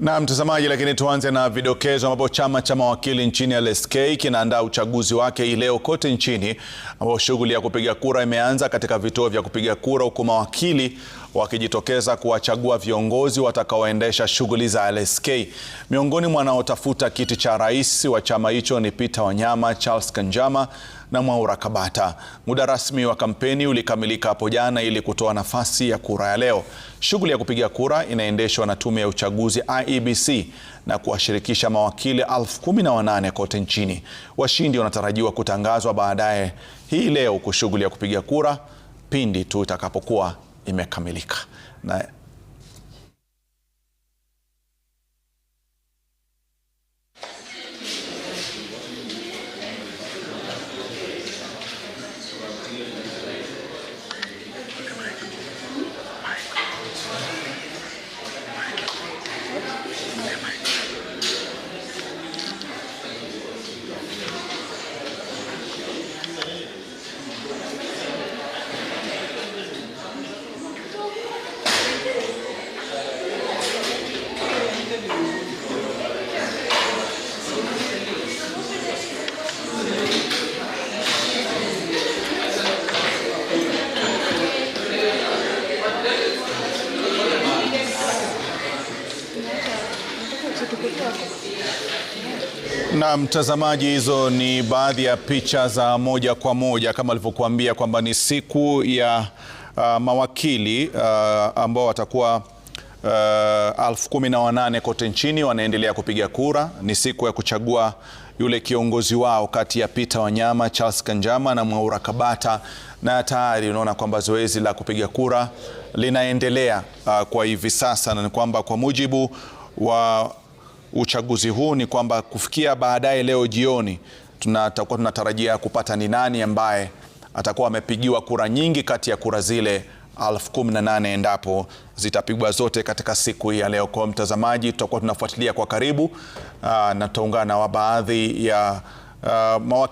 Na mtazamaji, lakini tuanze na vidokezo ambapo chama cha mawakili nchini LSK kinaandaa uchaguzi wake leo kote nchini, ambapo shughuli ya kupiga kura imeanza katika vituo vya kupiga kura, huku mawakili wakijitokeza kuwachagua viongozi watakaoendesha shughuli za LSK. Miongoni mwa wanaotafuta kiti cha rais wa chama hicho ni Peter Wanyama, Charles Kanjama na Mwaura Kabata. Muda rasmi wa kampeni ulikamilika hapo jana ili kutoa nafasi ya kura ya leo. Shughuli ya kupiga kura inaendeshwa na tume ya uchaguzi IEBC na kuwashirikisha mawakili elfu kumi na wanane kote nchini. Washindi wanatarajiwa kutangazwa baadaye hii leo kwa shughuli ya kupiga kura pindi tu itakapokuwa imekamilika na Na mtazamaji, hizo ni baadhi ya picha za moja kwa moja kama alivyokuambia kwamba ni siku ya uh, mawakili uh, ambao watakuwa Uh, elfu kumi na wanane kote nchini wanaendelea kupiga kura. Ni siku ya kuchagua yule kiongozi wao kati ya Peter Wanyama, Charles Kanjama na Mwaura Kabata, na tayari unaona kwamba zoezi la kupiga kura linaendelea uh, kwa hivi sasa, na ni kwamba kwa mujibu wa uchaguzi huu ni kwamba kufikia baadaye leo jioni tutakuwa tunatarajia kupata ni nani ambaye atakuwa amepigiwa kura nyingi kati ya kura zile 18 nane endapo zitapigwa zote katika siku ya leo. Kwa mtazamaji, tutakuwa tunafuatilia kwa karibu na tutaungana na baadhi ya mawakili